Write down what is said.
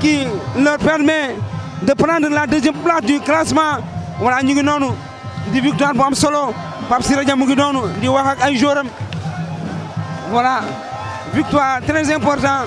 qui leur permet de prendre la deuxième place du classement voilà ñu ngi noonu di victoire bu am solo Pape Siré Dia mu ngi noonu di wax ak ay joueuram voilà victoire très important